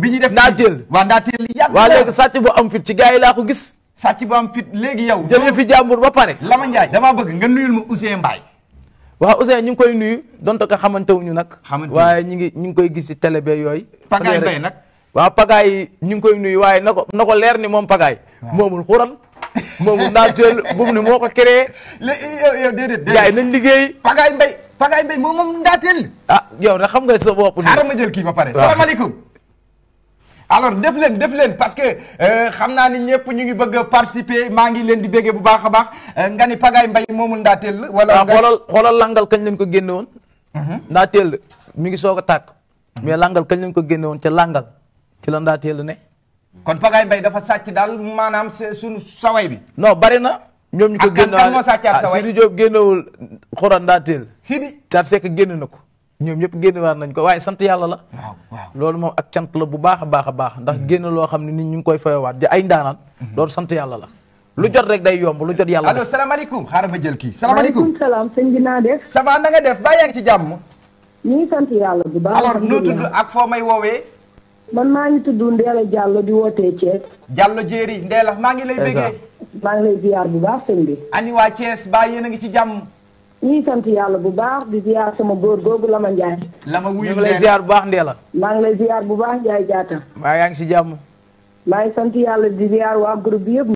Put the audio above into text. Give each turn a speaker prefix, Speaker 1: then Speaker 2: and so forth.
Speaker 1: bi ñu def ndaateel waaw ndaateel yàgg waaw léegi am fit ci gars yi laa ko gis sàcc bu am fit léegi yow jëlee fi jàmbur ba pare Lama Ndiaye damaa bëgg nga nuyul ma Ouzin Mbaye waaw Ouzin ñu ngi koy nuyu donte ko xamante wuñu nag waaye ñu ngi ñu ngi koy gis ci télé be yooyu pagaay mbay nag waaw pagaay ñu ngi koy nuyu waaye na ko na ko leer ni moom pagaay moomul xuran moomul naa bu mu ni moo ko créé léegi yow déedéet gars yi nañ liggéey pagaay mbay pagaay mbay moom moom ndaateel ah, yow nag xam nga sa bopp ni xaaral ma jël kii ba pare salaamaaleykum alors def leen def leen parce que euh, xam naa ni ñëpp ñu ngi bëgg a participer maa ngi leen di béggee bu baax a baax euh, nga ni pagaay mbay moomu ndaateel la. wala nga xoolal xoolal langal kañ lañ ko génne woon. Mhm. ndaateel la mi ngi soog a tàkk. Mhm. mais langal kañ lañ ko génne woon ca langal ci la ndaateel ne. kon pagaay mbay dafa sàcc daal maanaam sunu saway bi. non bari na. ñoom ñu ko génne ak kan kan moo sàccaat saway ah Sidi Diop génnewul xoolal ndaateel. Sidi Thiat na ko. ñoom ñëpp génn waar nañ ko waaye sant yàlla la loolu moom ak cant la bu baax a baax a baax ndax hmm. génn loo xam ne nit ñu ngi koy fayowaat di ay ndaanaan hmm. loolu sant yàlla la lu jot rek day yomb lu jot yàlla allo salaamaaleykum xaaral ma jël kii salaamaaleykum salaam sëñ sa naa def ça va na nga def baa yaa ngi ci jàmm ñu ngi sant yàlla bu baax alors noo tudd ak foo may woowee man maa ngi tudd Ndéla Diallo di wootee Thiès Diallo jéeri Ndéla maa ngi lay béggee maa ngi lay ziar bu baax sëñ bi ani baa yéen a ngi ci jàmm ñuy sant yàlla bu baax di ziar ma góor googu Lama Ndiaye. Lama wuyu lay ziar bu baax Ndéla. maa ngi lay ziar bu baax Ndiaye Diatta. waaw yaa ngi si jàmm. maa ngi sant yàlla di ziar waa groupe bi yëpp.